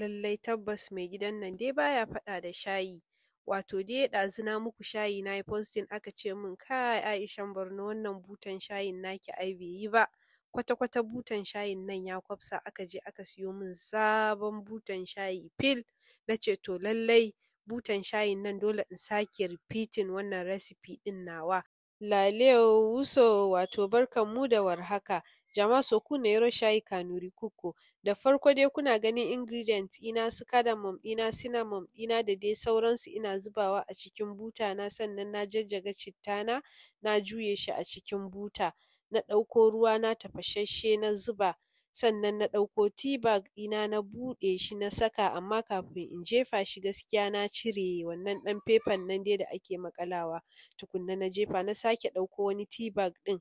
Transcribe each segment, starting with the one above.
Lallai tabbas mai gidan nan dai baya ya faɗa da shayi. Wato dai ɗazu na muku shayi na yi postin aka ce min kai Aishan barno wannan butan shayin naki ai bai yi ba. Kwata-kwata butan shayin nan ya kwafsa aka je aka siyo min sabon butan shayi fil. Na ce to lallai butan shayin nan dole in sake repeating wannan recipe ɗin nawa. wuso wato barkan mu da warhaka jama'a ne shayi kanuri kuku da farko dai kuna ganin ingredients ina su cardamom ɗina cinnamon ina da dai sauransu ina zubawa a cikin buta na sannan na jajjaga citta na na juye shi a cikin buta na ɗauko ruwa na tafasasshe na zuba sannan na ɗauko teabag ɗina na buɗe shi na saka amma kafin in jefa shi gaskiya na cire wannan ɗan fefan nan dai da ake makalawa tukunna na jefa na sake ɗauko wani teabag ɗin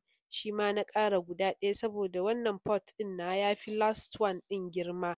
ma na ƙara guda ɗaya saboda wannan pot ɗin ya yafi last one ɗin girma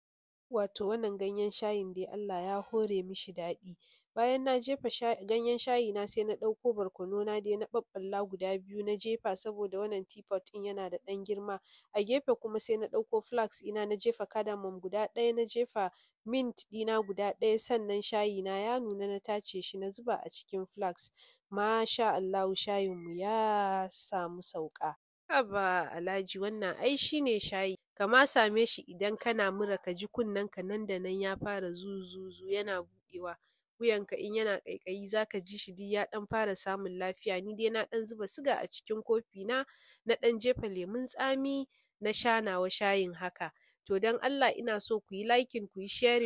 wato wannan ganyen shayin dai Allah ya hore mishi daɗi bayan na jefa ganyen shayi na sai na ɗauko barkono na dai na ɓaɓɓalla guda biyu na jefa saboda wannan teapot ɗin yana da ɗan girma a gefe kuma sai na ɗauko flask ɗina na jefa cardamom guda ɗaya na jefa mint ɗina guda ɗaya sannan shayi na ya nuna na tace shi na zuba a cikin flask Masha Allahu shayin mu ya samu sauƙa. Haba Alhaji wannan ai shi ne shayi, Kama same shi idan kana mura ka ji ka nan da nan ya fara zuzuzu yana buɗewa, wuyanka in yana ƙaiƙayi za ka ji shi duk ya ɗan fara samun lafiya, ni dai na ɗan zuba siga a cikin kofi na na ɗan jefa lemun tsami na sha nawa shayin haka. To don Allah ina so ku yi liking ku yi sharing.